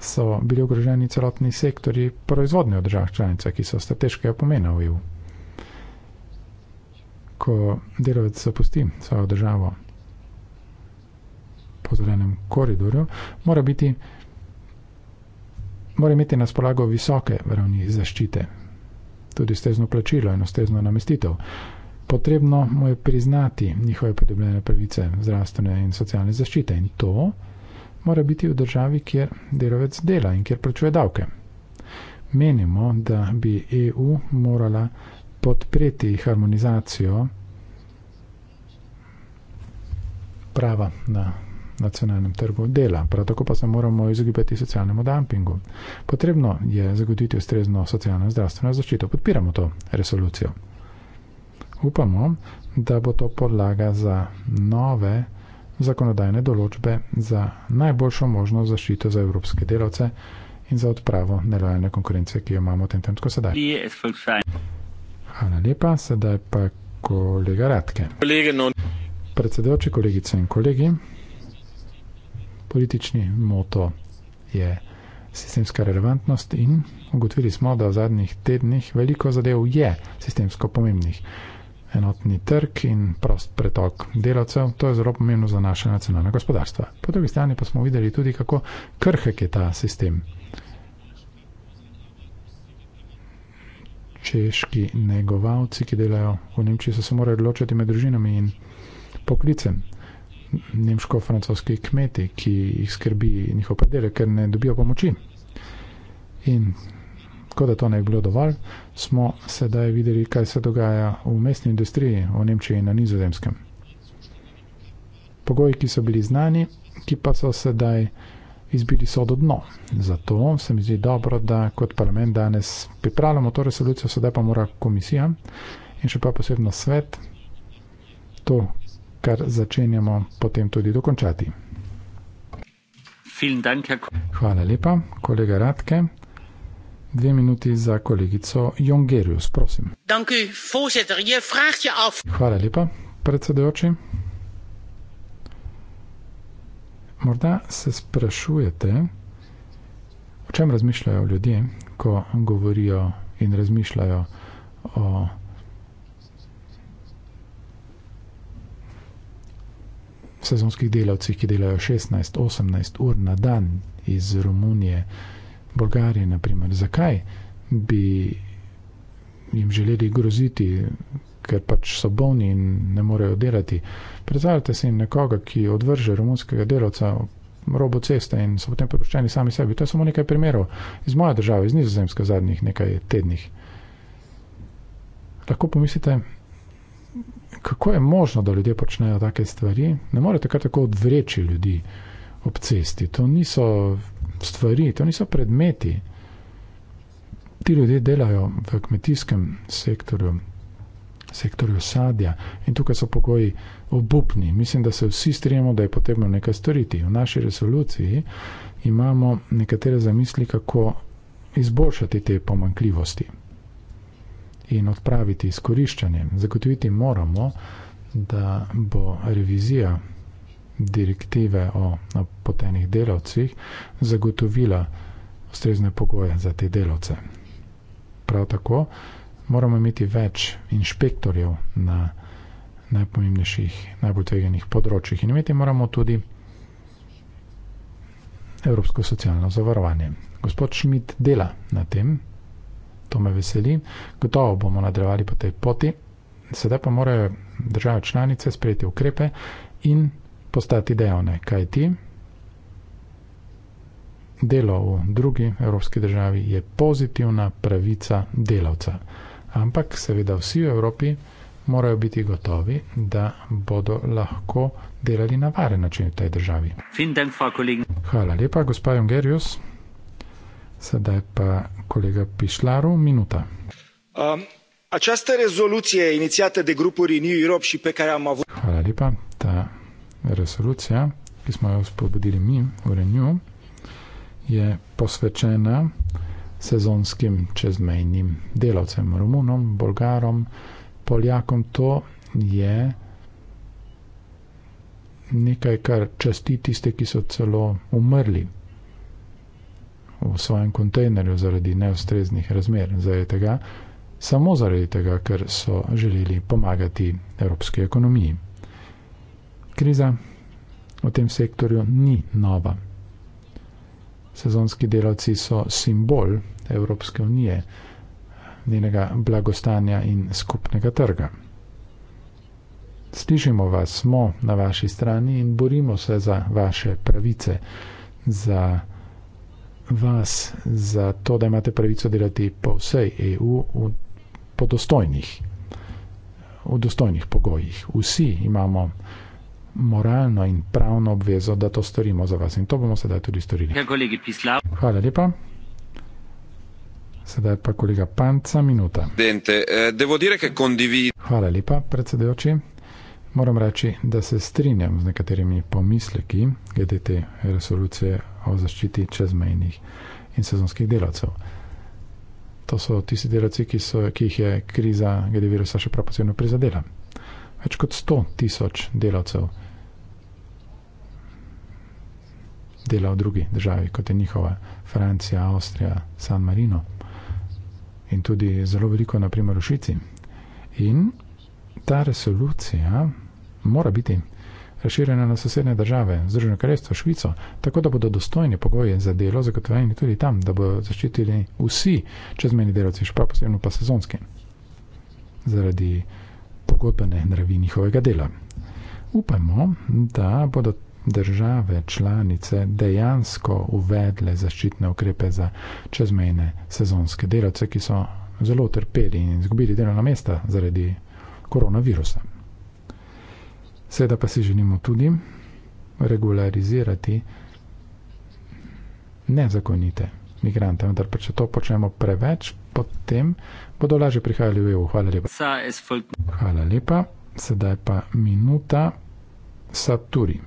so bili ogroženi celotni sektori proizvodne v državah članica, ki so strateškega pomena v EU. Ko delavec zapusti svojo državo po zelenem koridorju, mora biti mora imeti na spolago visoke ravni zaščite, tudi stezno plačilo in stezno namestitev. Potrebno mu je priznati njihove pridobljene pravice zdravstvene in socialne zaščite in to mora biti v državi, kjer delovec dela in kjer plačuje davke. Menimo, da bi EU morala podpreti harmonizacijo prava na nacionalnem trgu dela. Prav tako pa se moramo izogibati socialnemu dumpingu. Potrebno je zagotoviti ustrezno socialno in zdravstveno zaščito. Podpiramo to resolucijo. Upamo, da bo to podlaga za nove zakonodajne določbe za najboljšo možno zaščito za evropske delavce in za odpravo nelojalne konkurence, ki jo imamo v tem trenutku sedaj. Hvala lepa, sedaj pa kolega Radke. No. Predsedujoči kolegice in kolegi politični moto je sistemska relevantnost in ugotovili smo, da v zadnjih tednih veliko zadev je sistemsko pomembnih. Enotni trg in prost pretok delavcev, to je zelo pomembno za naše nacionalne gospodarstva. Po drugi strani pa smo videli tudi, kako krhek je ta sistem. Češki negovalci, ki delajo v Nemčiji, so se morali odločiti med družinami in poklicem nemško-francoski kmeti, ki jih skrbi njihov predelek, ker ne dobijo pomoči. In ko da to ne bi bilo dovolj, smo sedaj videli, kaj se dogaja v mestni industriji v Nemčiji in na nizozemskem. Pogoji, ki so bili znani, ki pa so sedaj izbili sodo dno. Zato se mi zdi dobro, da kot parlament danes pripravljamo to resolucijo, sedaj pa mora komisija in še pa posebno svet to kar začenjamo potem tudi dokončati. Hvala lepa, kolega Radke. Dve minuti za kolegico Jongerius, prosim. Hvala lepa, predsedujoči. Morda se sprašujete, o čem razmišljajo ljudje, ko govorijo in razmišljajo o. sezonskih delavcih, ki delajo 16-18 ur na dan iz Romunije, Bolgarije, naprimer. zakaj bi jim želeli groziti, ker pač so bolni in ne morejo delati. Predstavljate si nekoga, ki odvrže romunskega delavca robo ceste in so potem prepuščeni sami sebi. To je samo nekaj primerov iz moje države, iz Nizozemske zadnjih nekaj tednih. Lahko pomislite, kako je možno, da ljudje počnejo take stvari. Ne morete kar tako odvreči ljudi ob cesti. To niso stvari, to niso predmeti. Ti ljudje delajo v kmetijskem sektorju, sektorju sadja in tukaj so pogoji obupni. Mislim, da se vsi strijemo, da je potrebno nekaj storiti. V naši resoluciji imamo nekatere zamisli, kako izboljšati te pomankljivosti in odpraviti izkoriščanje. Zagotoviti moramo, da bo revizija direktive o napotenih delavcih zagotovila ustrezne pogoje za te delavce. Prav tako moramo imeti več inšpektorjev na najpomembnejših, najbolj tveganih področjih in imeti moramo tudi Evropsko socialno zavarovanje. Gospod Schmidt dela na tem to me veseli. Gotovo bomo nadaljevali po tej poti, sedaj pa morajo države članice sprejeti ukrepe in postati dejavne, kaj ti. Delo v drugi evropski državi je pozitivna pravica delavca. Ampak seveda vsi v Evropi morajo biti gotovi, da bodo lahko delali na varen način v tej državi. Hvala lepa, gospod Jungerius. Sedaj pa kolega Pišlaru, minuta. Um, Această rezoluție inițiată de grupuri New Europe și pe care am avut... Hvala lepa, ta rezoluția, ki smo jo spobodili mi v Renew, je posvečena sezonskim čezmejnim delavcem, Romunom, Bolgarom, Poljakom. To je nekaj, kar časti tiste, ki so celo umrli v svojem kontejnerju zaradi neustreznih razmer. Zaradi tega, samo zaradi tega, ker so želeli pomagati evropski ekonomiji. Kriza v tem sektorju ni nova. Sezonski delavci so simbol Evropske unije, njenega blagostanja in skupnega trga. Slišimo vas, smo na vaši strani in borimo se za vaše pravice, za vaše pravice vas za to, da imate pravico delati po vsej EU v, po dostojnih, v dostojnih pogojih. Vsi imamo moralno in pravno obvezo, da to storimo za vas in to bomo sedaj tudi storili. Ja, Hvala lepa. Sedaj pa kolega Panca, minuta. Eh, Hvala lepa, predsedujoči. Moram reči, da se strinjam z nekaterimi pomisleki glede te resolucije o zaščiti čezmejnih in sezonskih delavcev. To so tisti delavci, ki, so, ki jih je kriza glede virusa še prav posebno prizadela. Več kot 100 tisoč delavcev dela v drugi državi, kot je njihova Francija, Avstrija, San Marino in tudi zelo veliko, naprimer, v Švici. In ta resolucija mora biti razširjena na sosednje države, Združeno kraljestvo, Švico, tako da bodo dostojni pogoji za delo zagotovljeni tudi tam, da bodo zaščitili vsi čezmeni delavci, še pa posebno pa sezonski, zaradi pogodbene naravi njihovega dela. Upajmo, da bodo države članice dejansko uvedle zaščitne ukrepe za čezmejne sezonske delavce, ki so zelo trpeli in izgubili delovna mesta zaradi koronavirusa. Seveda pa si želimo tudi regularizirati nezakonite migrante, vendar pa če to počnemo preveč, potem bodo lažje prihajali v EU. Hvala lepa. Hvala lepa. Sedaj pa minuta Saturi.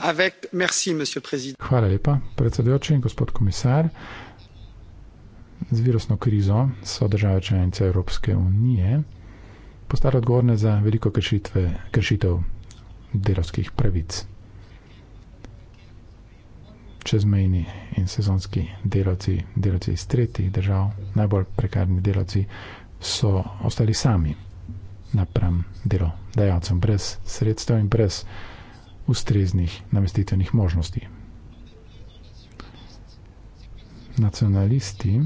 Avec, merci, Hvala lepa, predsedujoči in gospod komisar. Z virusno krizo so države članice Evropske unije postale odgovorne za veliko kršitve, kršitev delovskih pravic. Čezmejni in sezonski delavci, delavci iz tretjih držav, najbolj prekarni delavci, so ostali sami napram delodajalcem, brez sredstev in brez ustreznih namestitvenih možnosti. Nacionalisti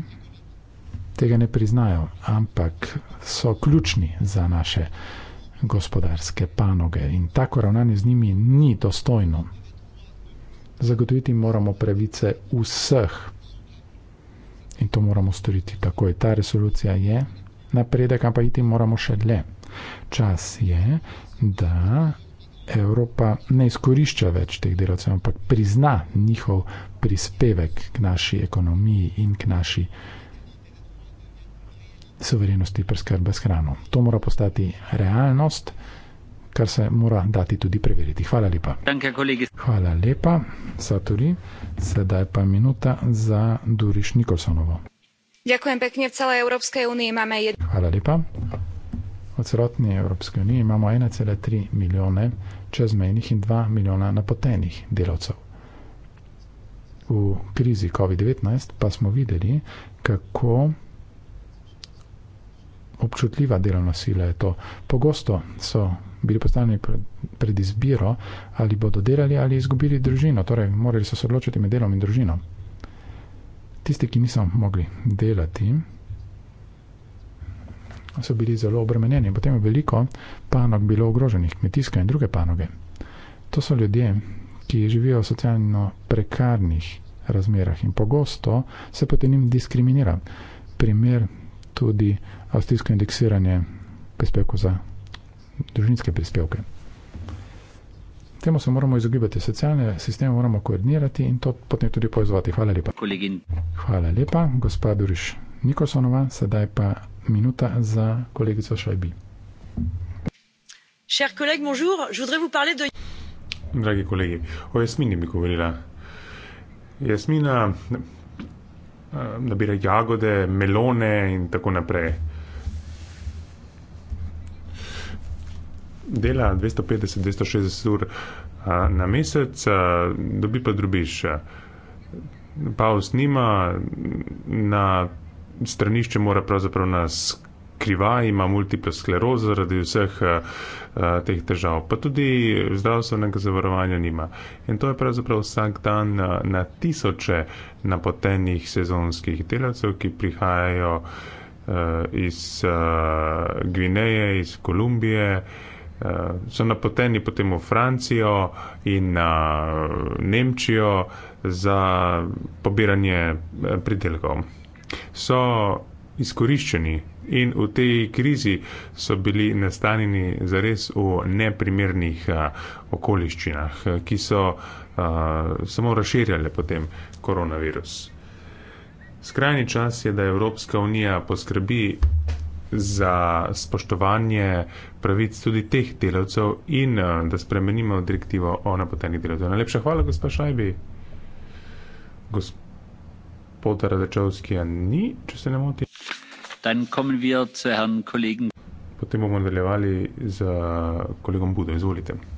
tega ne priznajo, ampak so ključni za naše gospodarske panoge in tako ravnanje z njimi ni dostojno. Zagotoviti moramo pravice vseh in to moramo storiti takoj. Ta resolucija je napredek, ampak iti moramo še dlje. Čas je, da Evropa ne izkorišča več teh delavcev, ampak prizna njihov prispevek k naši ekonomiji in k naši ekonomiji soverenosti preskrbe s hrano. To mora postati realnost, kar se mora dati tudi preveriti. Hvala lepa. Danke, Hvala lepa, Saturi. Sedaj pa minuta za Duriš Nikolsonovo. Pekne, jed... Hvala lepa. V celotni Evropski uniji imamo 1,3 milijone čezmejnih in 2 milijona napotenih delavcev. V krizi COVID-19 pa smo videli, kako občutljiva delovna sila je to. Pogosto so bili postavljeni pred, pred izbiro, ali bodo delali ali izgubili družino, torej morali so se odločiti med delom in družino. Tisti, ki niso mogli delati, so bili zelo obremenjeni. Potem je veliko panog bilo ogroženih, kmetijska in druge panoge. To so ljudje, ki živijo v socialno prekarnih razmerah in pogosto se potem njim diskriminira. Primer tudi avstrijsko indeksiranje prispevkov za družinske prispevke. Temu se moramo izogibati, socialne sisteme moramo koordinirati in to potem tudi povezovati. Hvala lepa. Kolegin. Hvala lepa, gospa Duriš Nikolsonova, sedaj pa minuta za kolegico Šajbi. Kolek, de... Dragi kolegi, o Jasmini bi govorila. Jasmina eh, nabira jagode, melone in tako naprej. dela 250-260 ur na mesec, dobi pa drubiš. Pavs nima, na stranišče mora pravzaprav nas kriva, ima multiplo sklerozo zaradi vseh teh težav, pa tudi zdravstvenega zavarovanja nima. In to je pravzaprav vsak dan na tisoče napotenih sezonskih delavcev, ki prihajajo iz Gvineje, iz Kolumbije, Eh, so napoteni potem v Francijo in na eh, Nemčijo za pobiranje eh, pridelkov. So izkoriščeni in v tej krizi so bili nastanjeni zares v neprimernih okoliščinah, ki so samo razširjale potem koronavirus. Skrajni čas je, da Evropska unija poskrbi za spoštovanje pravic tudi teh delavcev in eh, da spremenimo direktivo o napotenih delavcev. Najlepša hvala, gospa Šajbi. Gospod Radačovski, a ni, če se ne moti. Potem bomo nadaljevali z kolegom Budo. Izvolite.